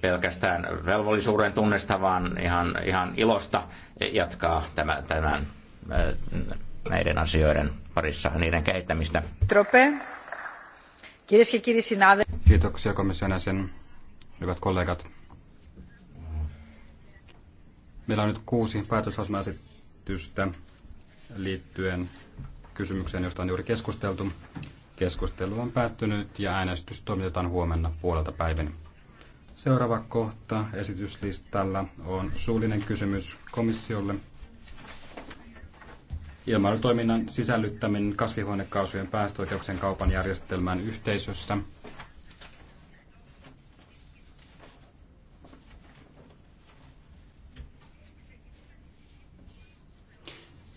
pelkästään velvollisuuden tunnesta, vaan ihan, ihan ilosta jatkaa tämän, tämän äh, näiden asioiden parissa niiden kehittämistä. Trope. Kiitoksia komission jäsen, hyvät kollegat. Meillä on nyt kuusi päätösasmaesitystä liittyen kysymykseen, josta on juuri keskusteltu. Keskustelu on päättynyt ja äänestys toimitetaan huomenna puolelta päivänä. Seuraava kohta esityslistalla on suullinen kysymys komissiolle. Ilmailutoiminnan sisällyttäminen kasvihuonekaasujen päästöoikeuksien kaupan järjestelmään yhteisössä.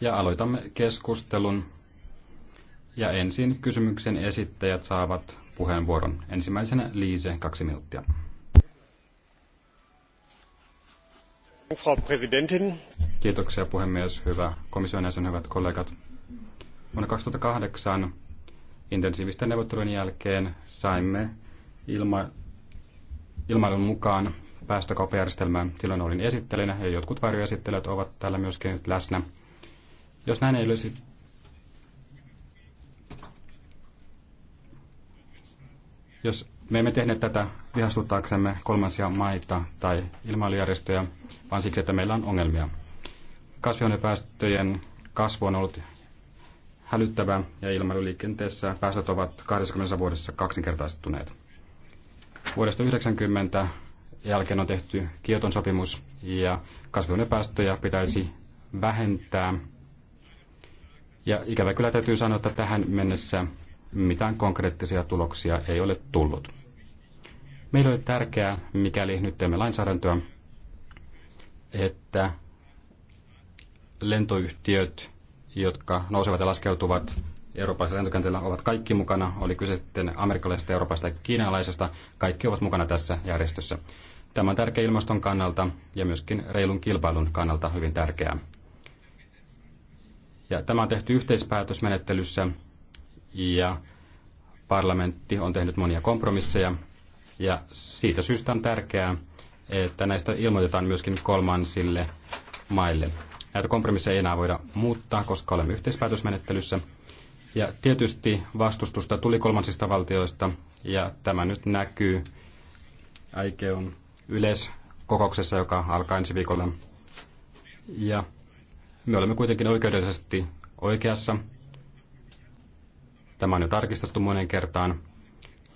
Ja aloitamme keskustelun. Ja ensin kysymyksen esittäjät saavat puheenvuoron. Ensimmäisenä Liise, kaksi minuuttia. Frau Präsidentin. Kiitoksia puhemies, hyvä komission jäsen, hyvät kollegat. Vuonna 2008 intensiivisten neuvottelujen jälkeen saimme ilma, ilmailun mukaan päästökauppajärjestelmään. Silloin olin esittelinä ja jotkut varjoesittelijät ovat täällä myöskin nyt läsnä. Jos näin ei olisi... Jos me emme tehneet tätä vihastuttaaksemme kolmansia maita tai ilmailujärjestöjä, vaan siksi, että meillä on ongelmia. Kasvihuonepäästöjen kasvu on ollut hälyttävä ja ilmailuliikenteessä päästöt ovat 20 vuodessa kaksinkertaistuneet. Vuodesta 90 jälkeen on tehty Kioton sopimus ja kasvihuonepäästöjä pitäisi vähentää. Ja ikävä kyllä täytyy sanoa, että tähän mennessä mitään konkreettisia tuloksia ei ole tullut. Meillä oli tärkeää, mikäli nyt teemme lainsäädäntöä, että lentoyhtiöt, jotka nousevat ja laskeutuvat eurooppalaisella lentokentällä, ovat kaikki mukana. Oli kyse sitten amerikkalaisesta, eurooppalaisesta ja kiinalaisesta. Kaikki ovat mukana tässä järjestössä. Tämä on tärkeä ilmaston kannalta ja myöskin reilun kilpailun kannalta hyvin tärkeää. Ja tämä on tehty yhteispäätösmenettelyssä ja parlamentti on tehnyt monia kompromisseja ja siitä syystä on tärkeää, että näistä ilmoitetaan myöskin kolmansille maille. Näitä kompromisseja ei enää voida muuttaa, koska olemme yhteispäätösmenettelyssä. Ja tietysti vastustusta tuli kolmansista valtioista, ja tämä nyt näkyy Aikeon yleiskokouksessa, joka alkaa ensi viikolla. Ja me olemme kuitenkin oikeudellisesti oikeassa. Tämä on jo tarkistettu monen kertaan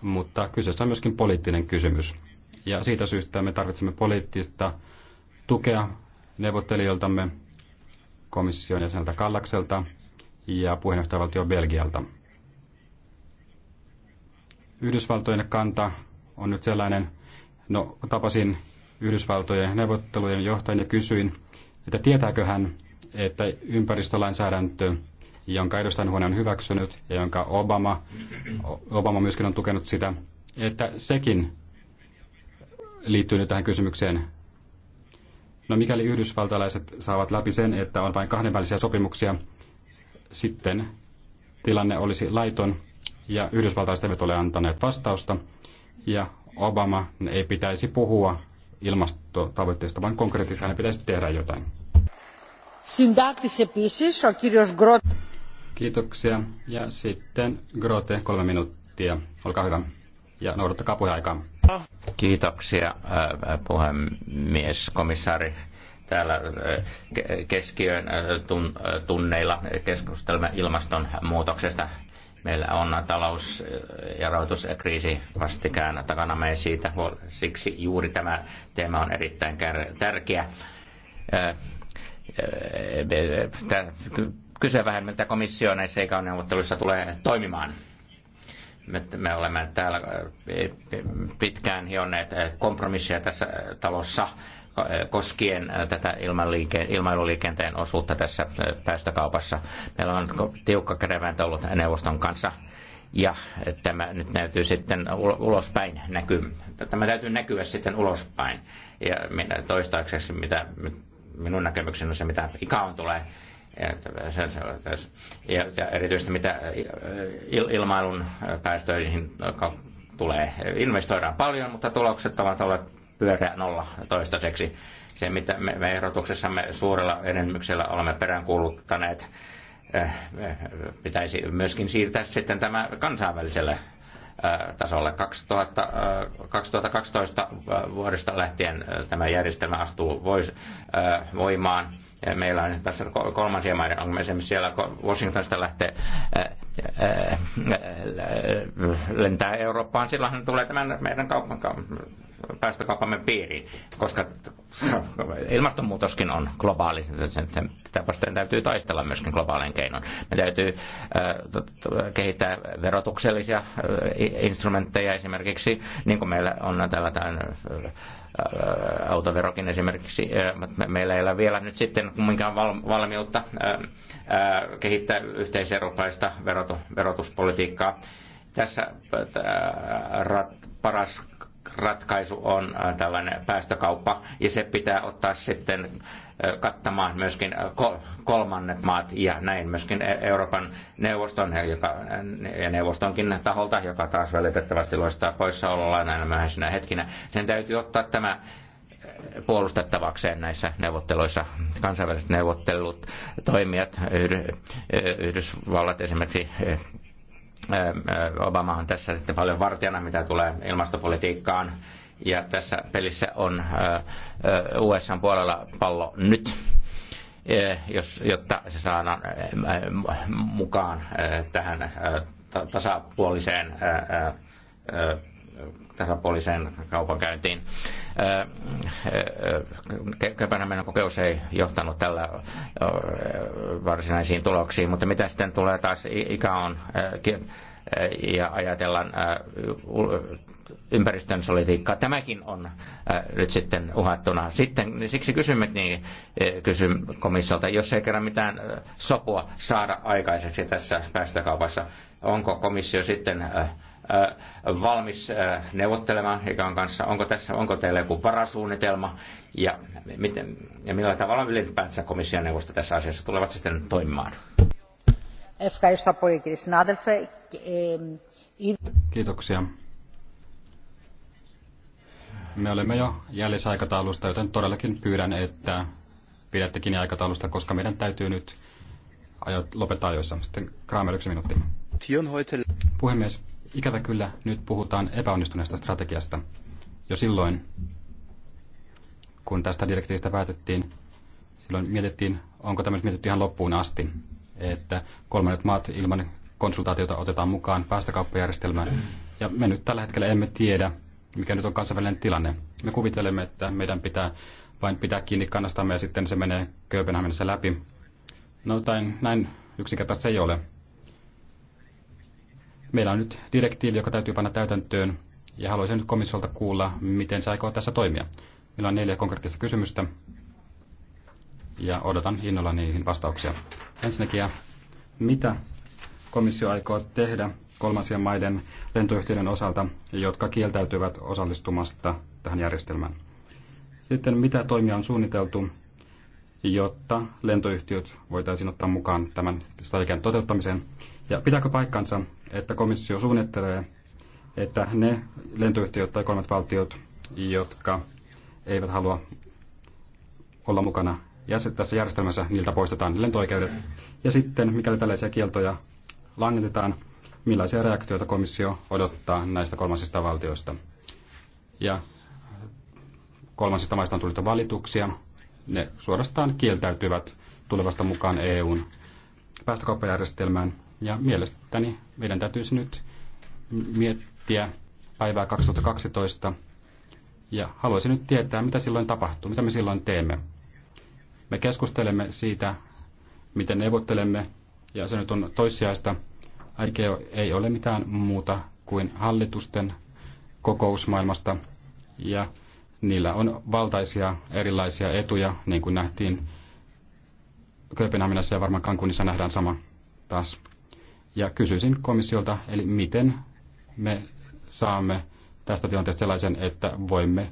mutta kyseessä on myöskin poliittinen kysymys. Ja siitä syystä me tarvitsemme poliittista tukea neuvottelijoiltamme, komission jäseneltä Kallakselta ja puheenjohtajavaltio Belgialta. Yhdysvaltojen kanta on nyt sellainen, no tapasin Yhdysvaltojen neuvottelujen johtajan ja kysyin, että tietääkö hän, että ympäristölainsäädäntö jonka edustajanhuone on hyväksynyt ja jonka Obama, Obama myöskin on tukenut sitä, että sekin liittyy nyt tähän kysymykseen. No mikäli yhdysvaltalaiset saavat läpi sen, että on vain kahdenvälisiä sopimuksia, sitten tilanne olisi laiton ja yhdysvaltalaiset eivät ole antaneet vastausta ja Obama ei pitäisi puhua ilmastotavoitteista, vaan konkreettisesti hän pitäisi tehdä jotain. Συντάκτης επίσης ο κύριος Γκρότ. Kiitoksia. Ja sitten Grote, kolme minuuttia. Olkaa hyvä. Ja noudattakaa puheaikaa. Kiitoksia, äh, äh, puhemies, komissaari. Täällä äh, keskiön tunneilla keskustelemme ilmastonmuutoksesta. Meillä on talous- ja rahoituskriisi vastikään takana me siitä. Siksi juuri tämä teema on erittäin tärkeä kysyä vähän, mitä komissio näissä EK-neuvotteluissa tulee toimimaan. Me, me olemme täällä eh, pitkään hionneet eh, kompromisseja tässä eh, talossa koskien tätä ilmailuliikenteen osuutta tässä päästökaupassa. Meillä on tiukka keräväntä ollut neuvoston kanssa ja tämä nyt näytyy sitten ulospäin näkyy. Tämä täytyy näkyä sitten ulospäin. Ja toistaiseksi, mitä minun näkemykseni on se, mitä ikään tulee, ja erityisesti mitä ilmailun päästöihin no, tulee. Investoidaan paljon, mutta tulokset ovat olleet pyörä nolla toistaiseksi. Se, mitä me ehdotuksessamme suurella enemmyksellä olemme peräänkuuluttaneet, pitäisi myöskin siirtää sitten tämä kansainväliselle tasolle. 2000, 2012 vuodesta lähtien tämä järjestelmä astuu voimaan meillä on tässä kolmansia maiden ongelma. Esimerkiksi siellä Washingtonista lähtee äh, äh, äh, lentää Eurooppaan, silloin hän tulee tämän meidän kaupan, päästökaupamme piiriin, koska ilmastonmuutoskin on globaali. Tätä vastaan täytyy taistella myöskin globaalin keinon. Me täytyy kehittää verotuksellisia instrumentteja esimerkiksi, niin kuin meillä on tällä autoverokin esimerkiksi, meillä ei ole vielä nyt sitten minkään valmiutta kehittää yhteiseurooppalaista verotuspolitiikkaa. Tässä paras ratkaisu on tällainen päästökauppa, ja se pitää ottaa sitten kattamaan myöskin kolmannet maat ja näin myöskin e-, Euroopan neuvoston joka, ja neuvostonkin taholta, joka taas välitettävästi loistaa poissaolollaan näinä myöhäisinä hetkinä. Sen täytyy ottaa tämä puolustettavakseen näissä neuvotteluissa. Kansainväliset neuvottelut, toimijat, Yhdysvallat esimerkiksi Obama on tässä sitten paljon vartijana, mitä tulee ilmastopolitiikkaan ja tässä pelissä on äh, äh, USA puolella pallo nyt äh, jos, jotta se saadaan mukaan tähän tasapuoliseen, tasapuoliseen kaupankäyntiin. Kööpenhaminan kokeus ei johtanut tällä varsinaisiin tuloksiin, mutta mitä sitten tulee taas ikä on ja ajatellaan ympäristön solitiikkaa, Tämäkin on nyt sitten uhattuna. Sitten niin siksi kysymme niin, kysyn komissiolta, jos ei kerran mitään sopua saada aikaiseksi tässä päästökaupassa, onko komissio sitten valmis neuvottelemaan ikään kanssa? Onko tässä, onko teillä joku varasuunnitelma ja, miten, ja millä tavalla ylipäätänsä komission neuvosto tässä asiassa tulevat sitten toimimaan? Kiitoksia. Me olemme jo jäljessä aikataulusta, joten todellakin pyydän, että pidätte kiinni aikataulusta, koska meidän täytyy nyt ajat lopettaa ajoissa. Sitten Kramer yksi minuutti. Puhemies, ikävä kyllä nyt puhutaan epäonnistuneesta strategiasta. Jo silloin, kun tästä direktiivistä päätettiin, silloin mietittiin, onko tämä nyt mietitty ihan loppuun asti että kolmannet maat ilman konsultaatiota otetaan mukaan päästökauppajärjestelmään. Ja me nyt tällä hetkellä emme tiedä, mikä nyt on kansainvälinen tilanne. Me kuvittelemme, että meidän pitää vain pitää kiinni kannastamme ja sitten se menee Kööpenhaminassa läpi. No tain, näin se ei ole. Meillä on nyt direktiivi, joka täytyy panna täytäntöön, ja haluaisin nyt komissiolta kuulla, miten se aikoo tässä toimia. Meillä on neljä konkreettista kysymystä ja odotan innolla niihin vastauksia. Ensinnäkin, mitä komissio aikoo tehdä kolmansien maiden lentoyhtiöiden osalta, jotka kieltäytyvät osallistumasta tähän järjestelmään? Sitten mitä toimia on suunniteltu, jotta lentoyhtiöt voitaisiin ottaa mukaan tämän strategian toteuttamiseen? Ja pitääkö paikkansa, että komissio suunnittelee, että ne lentoyhtiöt tai kolmat valtiot, jotka eivät halua olla mukana tässä järjestelmässä niiltä poistetaan lentoikeudet. Ja sitten, mikäli tällaisia kieltoja langetetaan, millaisia reaktioita komissio odottaa näistä kolmansista valtioista. Ja kolmansista maista on tullut valituksia. Ne suorastaan kieltäytyvät tulevasta mukaan EUn päästökauppajärjestelmään. Ja mielestäni meidän täytyisi nyt miettiä päivää 2012 ja haluaisin nyt tietää, mitä silloin tapahtuu, mitä me silloin teemme. Me keskustelemme siitä, miten neuvottelemme, ja se nyt on toissijaista. Aikea ei ole mitään muuta kuin hallitusten kokousmaailmasta, ja niillä on valtaisia erilaisia etuja, niin kuin nähtiin Kööpenhaminassa ja varmaan Kankunissa nähdään sama taas. Ja kysyisin komissiolta, eli miten me saamme tästä tilanteesta sellaisen, että voimme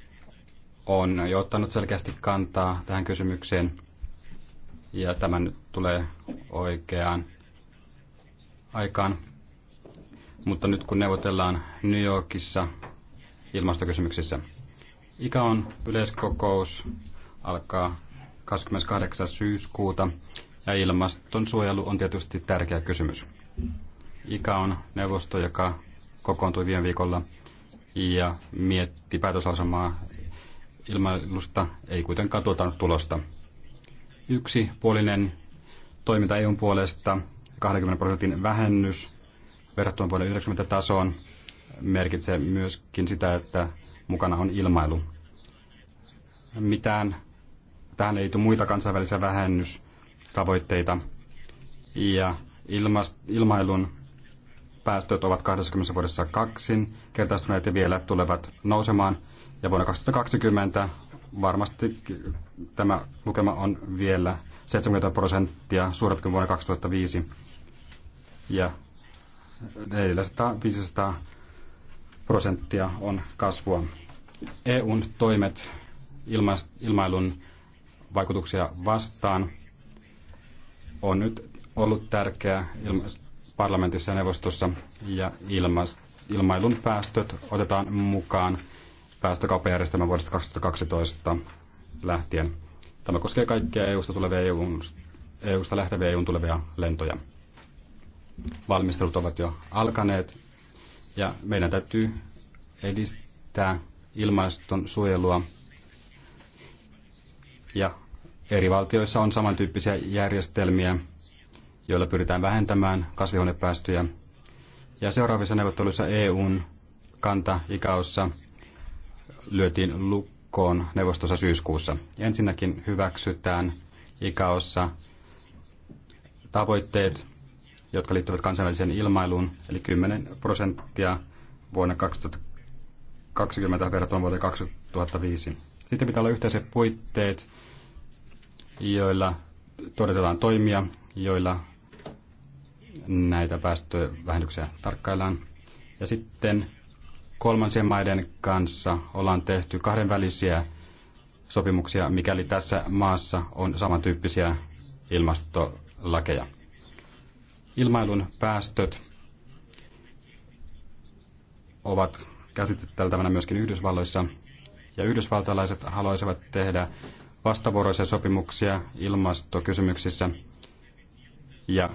on jo ottanut selkeästi kantaa tähän kysymykseen. Ja tämä nyt tulee oikeaan aikaan. Mutta nyt kun neuvotellaan New Yorkissa ilmastokysymyksissä, ikä on yleiskokous alkaa 28. syyskuuta ja ilmastonsuojelu on tietysti tärkeä kysymys. IKA on neuvosto, joka kokoontui viime viikolla ja mietti päätöslausamaa ilmailusta ei kuitenkaan tuota tulosta. Yksipuolinen toiminta EUn puolesta, 20 prosentin vähennys verrattuna vuoden 90 tasoon, merkitsee myöskin sitä, että mukana on ilmailu. Mitään, tähän ei tule muita kansainvälisiä vähennystavoitteita, ja ilmast ilmailun päästöt ovat 20 vuodessa kaksin kertaistuneet ja vielä tulevat nousemaan – ja vuonna 2020 varmasti tämä lukema on vielä 70 prosenttia suurempi kuin vuonna 2005. Ja 400-500 prosenttia on kasvua. EUn toimet ilma, ilmailun vaikutuksia vastaan on nyt ollut tärkeä ilma, parlamentissa ja neuvostossa ja ilma, ilmailun päästöt otetaan mukaan päästökauppajärjestelmä vuodesta 2012 lähtien. Tämä koskee kaikkia EU-sta, tulevia EUn, EU-sta lähteviä EUn tulevia lentoja. Valmistelut ovat jo alkaneet ja meidän täytyy edistää ilmaston suojelua. Ja eri valtioissa on samantyyppisiä järjestelmiä, joilla pyritään vähentämään kasvihuonepäästöjä. Ja seuraavissa neuvotteluissa EUn kanta ikaossa lyötiin lukkoon neuvostossa syyskuussa. Ensinnäkin hyväksytään ikaossa tavoitteet, jotka liittyvät kansainväliseen ilmailuun, eli 10 prosenttia vuonna 2020 verrattuna vuoteen 2005. Sitten pitää olla yhteiset puitteet, joilla todetellaan toimia, joilla näitä päästövähennyksiä tarkkaillaan. Ja sitten kolmansien maiden kanssa ollaan tehty kahdenvälisiä sopimuksia, mikäli tässä maassa on samantyyppisiä ilmastolakeja. Ilmailun päästöt ovat käsiteltävänä myöskin Yhdysvalloissa, ja yhdysvaltalaiset haluaisivat tehdä vastavuoroisia sopimuksia ilmastokysymyksissä, ja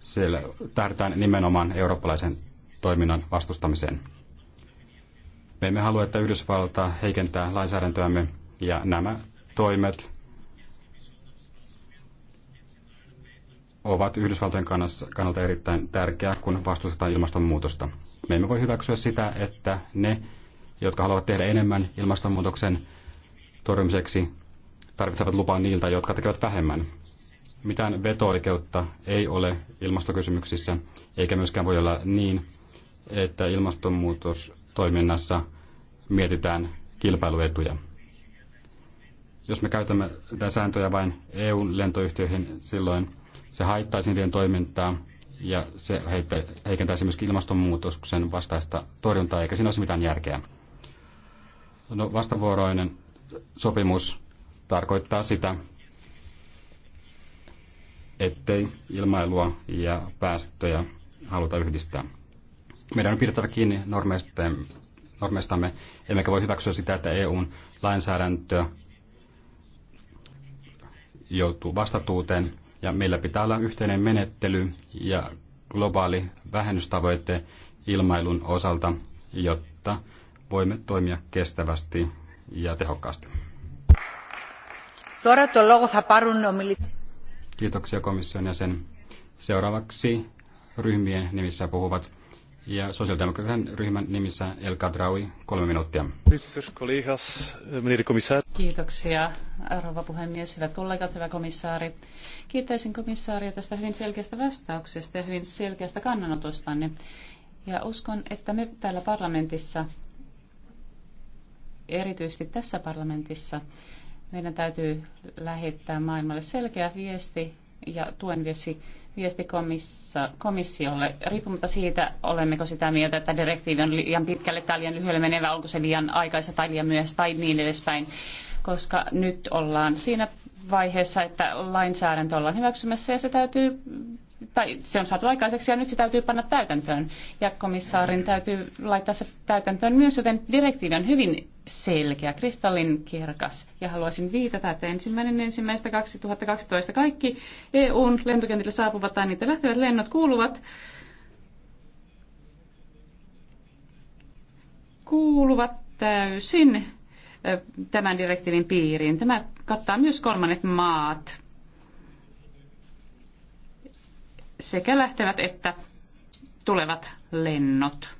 siellä tähdetään nimenomaan eurooppalaisen toiminnan vastustamiseen. Me emme halua, että Yhdysvalta heikentää lainsäädäntöämme ja nämä toimet ovat Yhdysvaltojen kannalta erittäin tärkeää, kun vastustetaan ilmastonmuutosta. Me emme voi hyväksyä sitä, että ne, jotka haluavat tehdä enemmän ilmastonmuutoksen torjumiseksi, tarvitsevat lupaa niiltä, jotka tekevät vähemmän. Mitään veto-oikeutta ei ole ilmastokysymyksissä, eikä myöskään voi olla niin, että ilmastonmuutostoiminnassa mietitään kilpailuetuja. Jos me käytämme tätä sääntöjä vain eu lentoyhtiöihin, silloin se haittaisi niiden toimintaa ja se heikentäisi myös ilmastonmuutoksen vastaista torjuntaa, eikä siinä olisi mitään järkeä. No, vastavuoroinen sopimus tarkoittaa sitä, ettei ilmailua ja päästöjä haluta yhdistää. Meidän on pidettävä kiinni normeistamme, emmekä voi hyväksyä sitä, että EUn lainsäädäntö joutuu vastatuuteen ja meillä pitää olla yhteinen menettely ja globaali vähennystavoite ilmailun osalta, jotta voimme toimia kestävästi ja tehokkaasti. Kiitoksia komission jäsen. Seuraavaksi ryhmien nimissä puhuvat ja sosiaalidemokraattisen ryhmän nimissä El Kadraui, kolme minuuttia. Kiitoksia, rouva puhemies, hyvät kollegat, hyvä komissaari. Kiittäisin komissaaria tästä hyvin selkeästä vastauksesta ja hyvin selkeästä kannanotostanne. Ja uskon, että me täällä parlamentissa, erityisesti tässä parlamentissa, meidän täytyy lähettää maailmalle selkeä viesti ja tuen viesti viesti komissiolle, riippumatta siitä, olemmeko sitä mieltä, että direktiivi on liian pitkälle tai liian lyhyelle menevä, onko se liian aikaista tai liian myöhäistä tai niin edespäin, koska nyt ollaan siinä vaiheessa, että lainsäädäntö ollaan hyväksymässä ja se täytyy tai se on saatu aikaiseksi ja nyt se täytyy panna täytäntöön. Ja komissaarin täytyy laittaa se täytäntöön myös, joten direktiivi on hyvin selkeä, kristallin kirkas. Ja haluaisin viitata, että ensimmäinen ensimmäistä 2012 kaikki EUn lentokentille saapuvat tai niitä lähtevät lennot kuuluvat kuuluvat täysin tämän direktiivin piiriin. Tämä kattaa myös kolmannet maat sekä lähtevät että tulevat lennot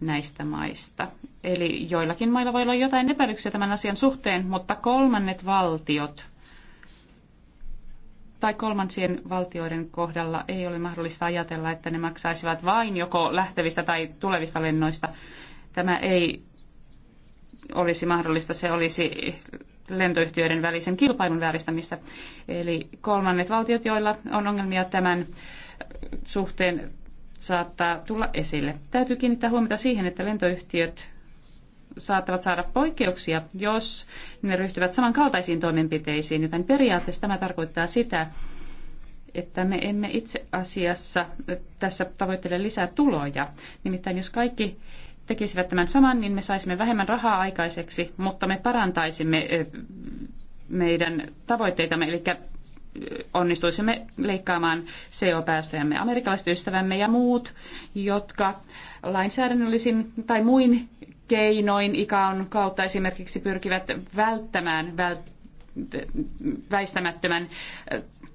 näistä maista. Eli joillakin mailla voi olla jotain epäilyksiä tämän asian suhteen, mutta kolmannet valtiot tai kolmansien valtioiden kohdalla ei ole mahdollista ajatella, että ne maksaisivat vain joko lähtevistä tai tulevista lennoista. Tämä ei olisi mahdollista. Se olisi lentoyhtiöiden välisen kilpailun vääristämistä. Eli kolmannet valtiot, joilla on ongelmia tämän suhteen, saattaa tulla esille. Täytyy kiinnittää huomiota siihen, että lentoyhtiöt saattavat saada poikkeuksia, jos ne ryhtyvät samankaltaisiin toimenpiteisiin, joten periaatteessa tämä tarkoittaa sitä, että me emme itse asiassa tässä tavoittele lisää tuloja. Nimittäin jos kaikki tekisivät tämän saman, niin me saisimme vähemmän rahaa aikaiseksi, mutta me parantaisimme meidän tavoitteitamme, eli onnistuisimme leikkaamaan CO-päästöjämme. Amerikkalaiset ystävämme ja muut, jotka lainsäädännöllisin tai muin keinoin ikaon kautta esimerkiksi pyrkivät välttämään vält- väistämättömän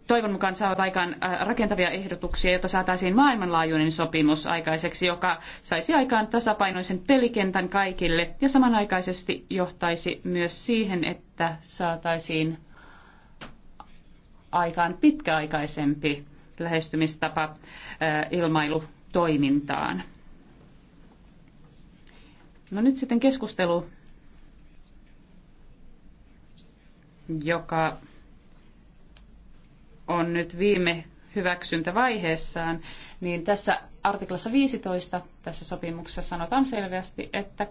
toivon mukaan saavat aikaan äh, rakentavia ehdotuksia, jotta saataisiin maailmanlaajuinen sopimus aikaiseksi, joka saisi aikaan tasapainoisen pelikentän kaikille ja samanaikaisesti johtaisi myös siihen, että saataisiin aikaan pitkäaikaisempi lähestymistapa äh, ilmailutoimintaan. No nyt sitten keskustelu, joka on nyt viime hyväksyntävaiheessaan, niin tässä artiklassa 15 tässä sopimuksessa sanotaan selvästi, että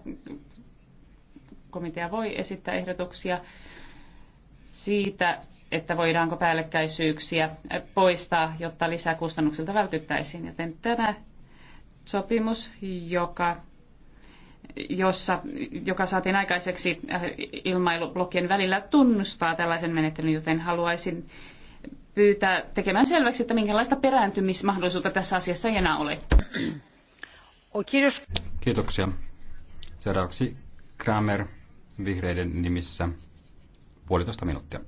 komitea voi esittää ehdotuksia siitä, että voidaanko päällekkäisyyksiä poistaa, jotta lisäkustannuksilta vältyttäisiin. Joten tämä sopimus, joka, jossa, joka saatiin aikaiseksi ilmailublokkien välillä, tunnustaa tällaisen menettelyn, joten haluaisin pyytää tekemään selväksi, että minkälaista perääntymismahdollisuutta tässä asiassa ei enää ole. Kiitos. Kiitoksia. Seuraavaksi Kramer vihreiden nimissä puolitoista minuuttia.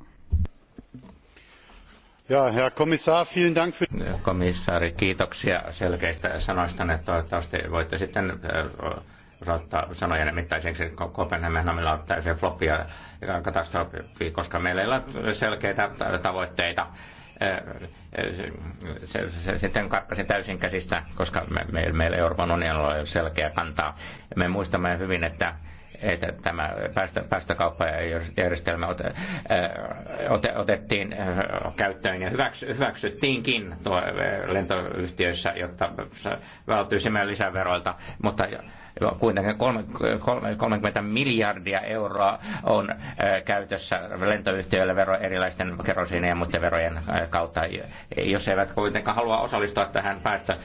Ja, herr Kommissar, vielen Dank für... Komissaari, kiitoksia selkeistä Ne Toivottavasti voitte sitten äh, osoittaa sanoja nimittäiseksi Kopenhaminamilla on täysin floppia katastrofi, koska meillä ei ole selkeitä tavoitteita Äh, äh, se, se, sitten karkkasi täysin käsistä, koska me, me, meillä Euroopan unionilla on selkeä kantaa. Me muistamme hyvin, että että tämä päästö, päästökauppajärjestelmä ot, äh, ot, otettiin käyttöön ja hyväks, hyväksyttiinkin tuo lentoyhtiöissä, jotta vältyisimme lisäveroilta, mutta Kuitenkin 30 miljardia euroa on äh, käytössä lentoyhtiöille vero erilaisten kerosiinien ja muiden verojen äh, kautta. Jos eivät kuitenkaan halua osallistua tähän päästä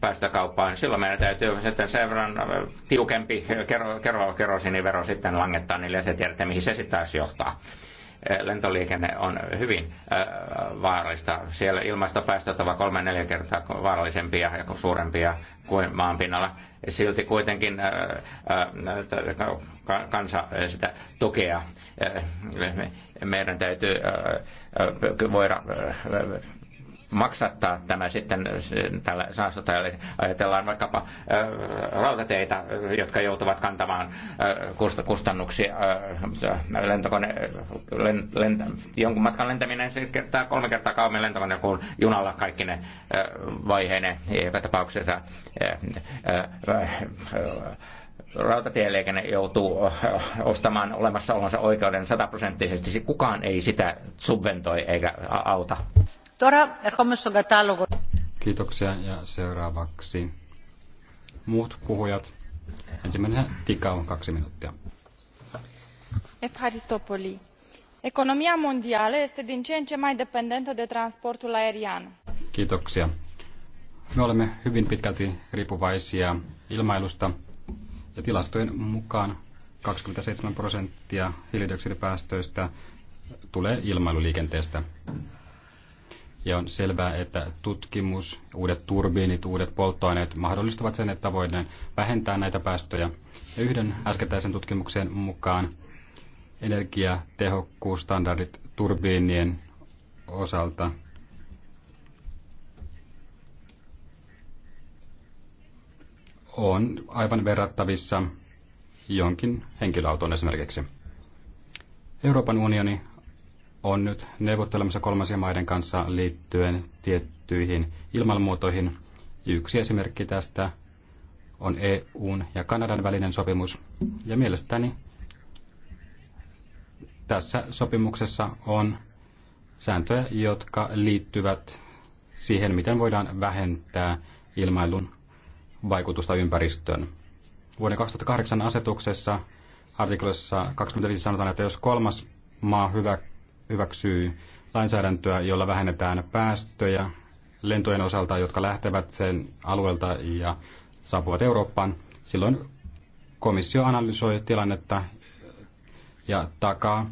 päästökauppaan. Silloin meidän täytyy sitten sen verran äh, tiukempi kero, kero, kerosinivero sitten langettaa niille ja se tiedätte, mihin se sitten taas johtaa lentoliikenne on hyvin vaarallista. Siellä ilmastopäästöt ovat kolme neljä kertaa vaarallisempia ja suurempia kuin maanpinnalla. Silti kuitenkin kansa sitä tukea. Meidän täytyy voida maksattaa tämä sitten tällä saastuttajalle. Ajatellaan vaikkapa rautateitä, jotka joutuvat kantamaan kustannuksia lentokone, lent, lent, jonkun matkan lentäminen se kertaa kolme kertaa kauemmin lentokone kuin junalla kaikki ne vaiheine joka tapauksessa rautatieliikenne joutuu ostamaan olemassaolonsa oikeuden sataprosenttisesti. Kukaan ei sitä subventoi eikä auta. Kiitoksia ja seuraavaksi muut puhujat. Ensimmäinen Tika on kaksi minuuttia. Efharistopoli. Economia mondială este din ce în ce mai dependentă de transportul aerian. Kiitoksia. Me olemme hyvin pitkälti riippuvaisia ilmailusta ja tilastojen mukaan 27 prosenttia hiilidioksidipäästöistä tulee ilmailuliikenteestä. Ja on selvää, että tutkimus, uudet turbiinit, uudet polttoaineet mahdollistavat sen, että voidaan vähentää näitä päästöjä. Ja yhden äskettäisen tutkimuksen mukaan energiatehokkuusstandardit turbiinien osalta on aivan verrattavissa jonkin henkilöauton esimerkiksi. Euroopan unioni on nyt neuvottelemassa kolmansien maiden kanssa liittyen tiettyihin ilmanmuotoihin. Yksi esimerkki tästä on EUn ja Kanadan välinen sopimus. Ja mielestäni tässä sopimuksessa on sääntöjä, jotka liittyvät siihen, miten voidaan vähentää ilmailun vaikutusta ympäristöön. Vuoden 2008 asetuksessa artiklassa 25 sanotaan, että jos kolmas maa hyväksyy hyväksyy lainsäädäntöä, jolla vähennetään päästöjä lentojen osalta, jotka lähtevät sen alueelta ja saapuvat Eurooppaan. Silloin komissio analysoi tilannetta ja takaa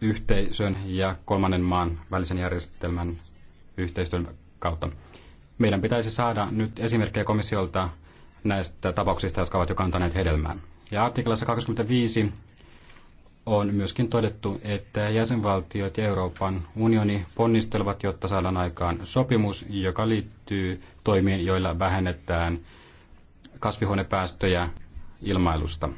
yhteisön ja kolmannen maan välisen järjestelmän yhteistyön kautta. Meidän pitäisi saada nyt esimerkkejä komissiolta näistä tapauksista, jotka ovat jo kantaneet hedelmään. Ja artiklassa 25 on myöskin todettu, että jäsenvaltiot ja Euroopan unioni ponnistelevat, jotta saadaan aikaan sopimus, joka liittyy toimiin, joilla vähennetään kasvihuonepäästöjä ilmailusta.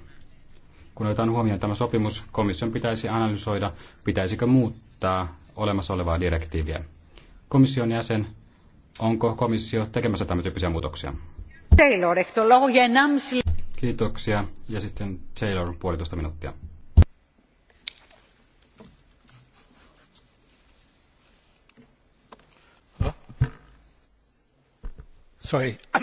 Kun otetaan huomioon tämä sopimus, komission pitäisi analysoida, pitäisikö muuttaa olemassa olevaa direktiiviä. Komission jäsen, onko komissio tekemässä tämän tyyppisiä muutoksia? Taylor, Kiitoksia. Ja sitten Taylor, puolitoista minuuttia. Sorry.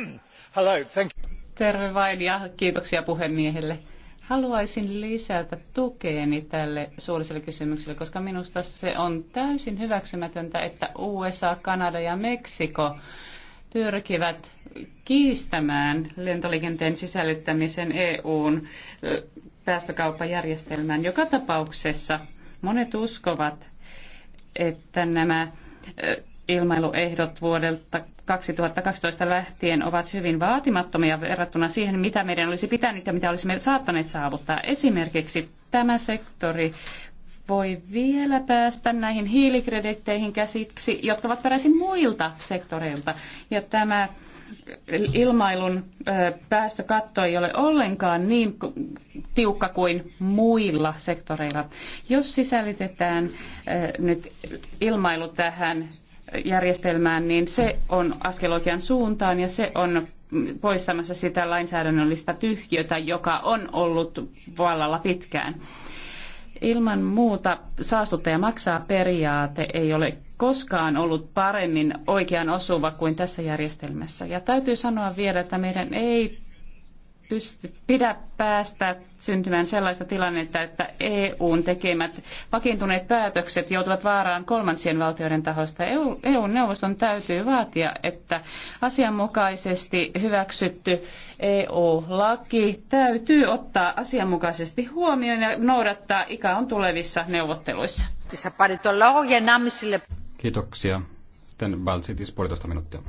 Hello, thank you. Terve vain ja kiitoksia puhemiehelle. Haluaisin lisätä tukeeni tälle suulliselle kysymykselle, koska minusta se on täysin hyväksymätöntä, että USA, Kanada ja Meksiko pyrkivät kiistämään lentoliikenteen sisällyttämisen EUn päästökauppajärjestelmään. Joka tapauksessa monet uskovat, että nämä ilmailuehdot vuodelta 2012 lähtien ovat hyvin vaatimattomia verrattuna siihen, mitä meidän olisi pitänyt ja mitä olisimme saattaneet saavuttaa. Esimerkiksi tämä sektori voi vielä päästä näihin hiilikreditteihin käsiksi, jotka ovat peräisin muilta sektoreilta. Ja tämä ilmailun päästökatto ei ole ollenkaan niin tiukka kuin muilla sektoreilla. Jos sisällytetään nyt ilmailu tähän järjestelmään, niin se on askel oikean suuntaan ja se on poistamassa sitä lainsäädännöllistä tyhjiötä, joka on ollut vallalla pitkään. Ilman muuta saastuttaja maksaa periaate ei ole koskaan ollut paremmin oikean osuva kuin tässä järjestelmässä. Ja täytyy sanoa vielä, että meidän ei pysty, pidä päästä syntymään sellaista tilannetta, että EUn tekemät vakiintuneet päätökset joutuvat vaaraan kolmansien valtioiden EU EUn neuvoston täytyy vaatia, että asianmukaisesti hyväksytty EU-laki täytyy ottaa asianmukaisesti huomioon ja noudattaa on tulevissa neuvotteluissa. Kiitoksia. Sitten Balsitis puolitoista minuuttia.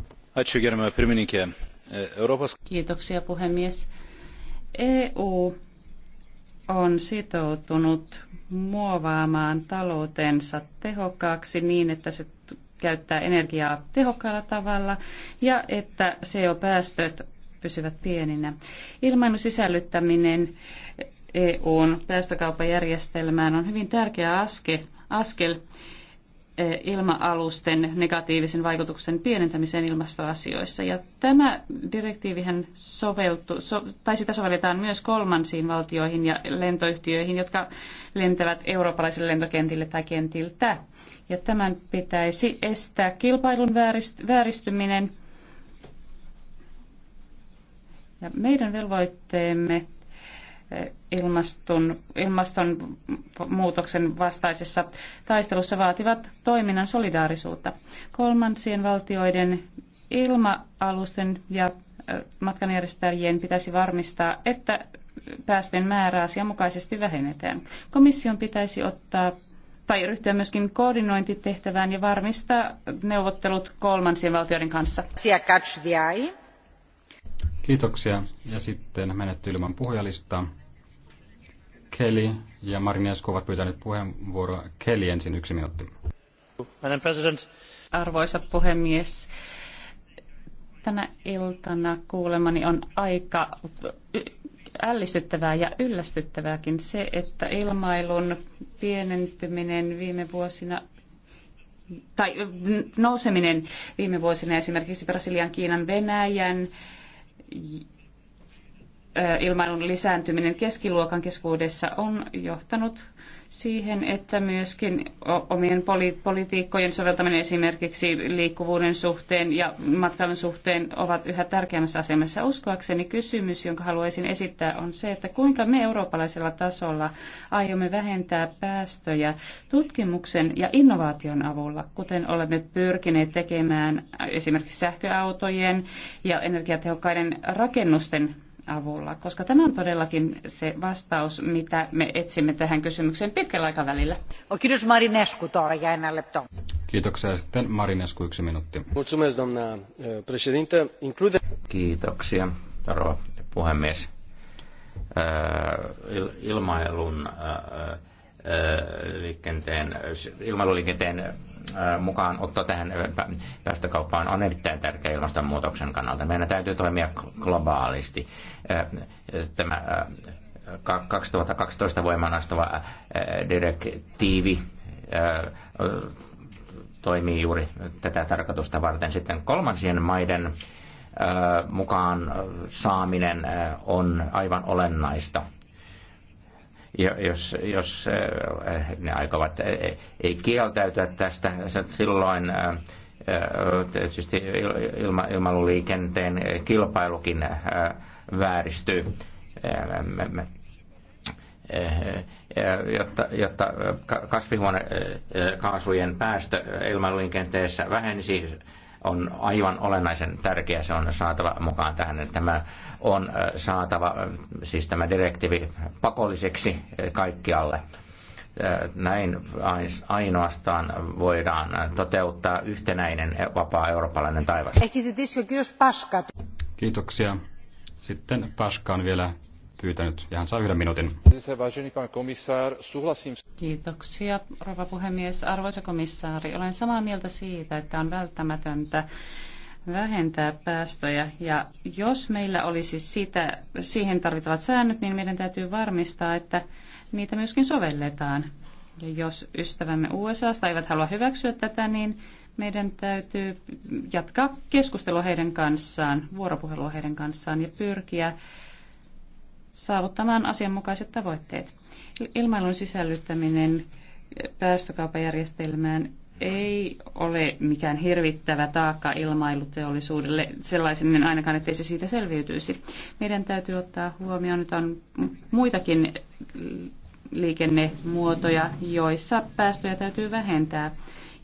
Kiitoksia puhemies. EU on sitoutunut muovaamaan taloutensa tehokkaaksi niin, että se käyttää energiaa tehokkaalla tavalla ja että CO-päästöt pysyvät pieninä. Ilmailun sisällyttäminen EUn päästökauppajärjestelmään on hyvin tärkeä aske, askel ilma-alusten negatiivisen vaikutuksen pienentämiseen ilmastoasioissa. Ja tämä direktiivihän soveltu, so, tai sitä sovelletaan myös kolmansiin valtioihin ja lentoyhtiöihin, jotka lentävät eurooppalaisille lentokentille tai kentiltä. Ja tämän pitäisi estää kilpailun vääristyminen. Ja meidän velvoitteemme ilmaston, ilmastonmuutoksen vastaisessa taistelussa vaativat toiminnan solidaarisuutta. Kolmansien valtioiden ilma-alusten ja matkanjärjestäjien pitäisi varmistaa, että päästöjen määrää asianmukaisesti vähennetään. Komission pitäisi ottaa tai ryhtyä myöskin koordinointitehtävään ja varmistaa neuvottelut kolmansien valtioiden kanssa. Kiitoksia. Ja sitten menetty ilman puhujalistaa. Kelly ja Marinescu ovat pyytäneet puheenvuoroa. Kelly ensin yksi minuutti. Arvoisa puhemies, tänä iltana kuulemani on aika ällistyttävää ja yllästyttävääkin se, että ilmailun pienentyminen viime vuosina tai nouseminen viime vuosina esimerkiksi Brasilian, Kiinan, Venäjän ilmailun lisääntyminen keskiluokan keskuudessa on johtanut siihen, että myöskin omien poli- politiikkojen soveltaminen esimerkiksi liikkuvuuden suhteen ja matkailun suhteen ovat yhä tärkeämmässä asemassa. Uskoakseni kysymys, jonka haluaisin esittää, on se, että kuinka me eurooppalaisella tasolla aiomme vähentää päästöjä tutkimuksen ja innovaation avulla, kuten olemme pyrkineet tekemään esimerkiksi sähköautojen ja energiatehokkaiden rakennusten avulla, koska tämä on todellakin se vastaus, mitä me etsimme tähän kysymykseen pitkällä aikavälillä. Kiitos Marinescu, Tora, Kiitoksia. Sitten Marinescu, yksi minuutti. E, Include... Kiitoksia, rouva puhemies. E, ilmailun e, liikenteen, ilmailuliikenteen mukaan otto tähän päästökauppaan on erittäin tärkeä ilmastonmuutoksen kannalta. Meidän täytyy toimia globaalisti. Tämä 2012 voimaan astuva direktiivi toimii juuri tätä tarkoitusta varten. Sitten kolmansien maiden mukaan saaminen on aivan olennaista jos, jos äh, ne aikovat äh, ei kieltäytyä tästä, silloin äh, tietysti ilma, ilmailuliikenteen kilpailukin vääristyy. jotta, jotta kasvihuonekaasujen päästö ilmailuliikenteessä vähenisi, on aivan olennaisen tärkeä, se on saatava mukaan tähän. että Tämä on äh, saatava, äh, siis tämä direktiivi pakolliseksi äh, kaikkialle. Näin ainoastaan voidaan toteuttaa yhtenäinen e-, vapaa eurooppalainen taivas. Kiitoksia. Sitten Paskaan vielä pyytänyt ja hän saa yhden minuutin. Kiitoksia, rouva puhemies. Arvoisa komissaari, olen samaa mieltä siitä, että on välttämätöntä vähentää päästöjä. Ja jos meillä olisi sitä, siihen tarvittavat säännöt, niin meidän täytyy varmistaa, että niitä myöskin sovelletaan. Ja jos ystävämme USAsta eivät halua hyväksyä tätä, niin meidän täytyy jatkaa keskustelua heidän kanssaan, vuoropuhelua heidän kanssaan ja pyrkiä saavuttamaan asianmukaiset tavoitteet. Ilmailun sisällyttäminen päästökaupajärjestelmään ei ole mikään hirvittävä taakka ilmailuteollisuudelle sellaisen ainakaan, ettei se siitä selviytyisi. Meidän täytyy ottaa huomioon, että on muitakin liikennemuotoja, joissa päästöjä täytyy vähentää.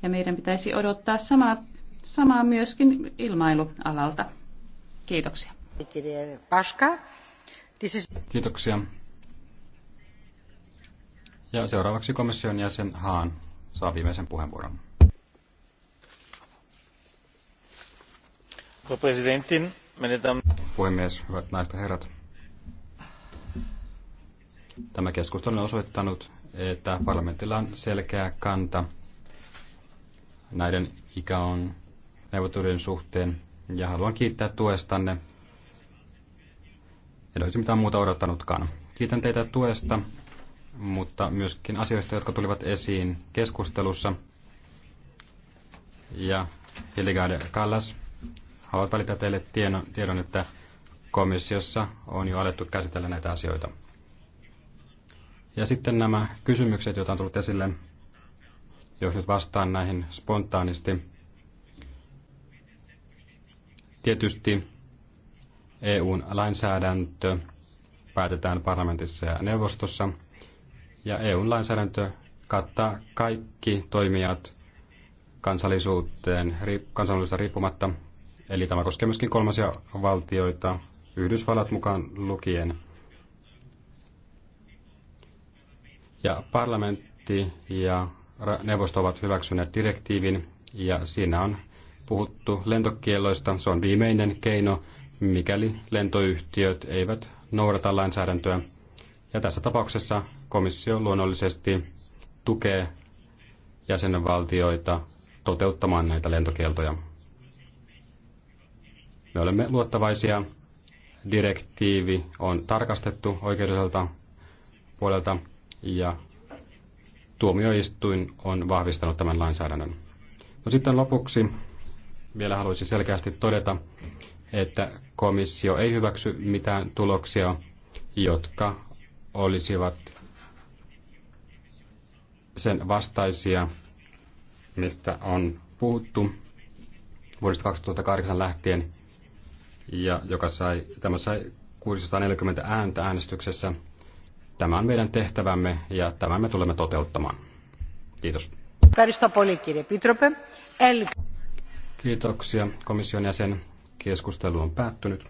Ja meidän pitäisi odottaa samaa, samaa myöskin ilmailualalta. Kiitoksia. Paska. Kiitoksia. Ja seuraavaksi komission jäsen Haan saa viimeisen puheenvuoron. Puhemies, hyvät naiset ja herrat. Tämä keskustelu on osoittanut, että parlamentilla on selkeä kanta näiden ikäon neuvottelujen suhteen ja haluan kiittää tuestanne en olisi mitään muuta odottanutkaan. Kiitän teitä tuesta, mutta myöskin asioista, jotka tulivat esiin keskustelussa. Ja Hildegard Kallas, haluat välittää teille tiedon, että komissiossa on jo alettu käsitellä näitä asioita. Ja sitten nämä kysymykset, joita on tullut esille, jos nyt vastaan näihin spontaanisti. Tietysti EUn lainsäädäntö päätetään parlamentissa ja neuvostossa, ja EUn lainsäädäntö kattaa kaikki toimijat kansallisuuteen, kansallisuudesta riippumatta, eli tämä koskee myöskin kolmasia valtioita, Yhdysvallat mukaan lukien. Ja parlamentti ja neuvosto ovat hyväksyneet direktiivin, ja siinä on puhuttu lentokieloista. Se on viimeinen keino mikäli lentoyhtiöt eivät noudata lainsäädäntöä. Ja tässä tapauksessa komissio luonnollisesti tukee jäsenvaltioita toteuttamaan näitä lentokieltoja. Me olemme luottavaisia. Direktiivi on tarkastettu oikeudelliselta puolelta ja tuomioistuin on vahvistanut tämän lainsäädännön. No sitten lopuksi vielä haluaisin selkeästi todeta, että komissio ei hyväksy mitään tuloksia, jotka olisivat sen vastaisia, mistä on puhuttu vuodesta 2008 lähtien, ja joka sai, tämä sai 640 ääntä äänestyksessä. Tämä on meidän tehtävämme ja tämän me tulemme toteuttamaan. Kiitos. Kiitoksia komission jäsen. Keskustelu on päättynyt.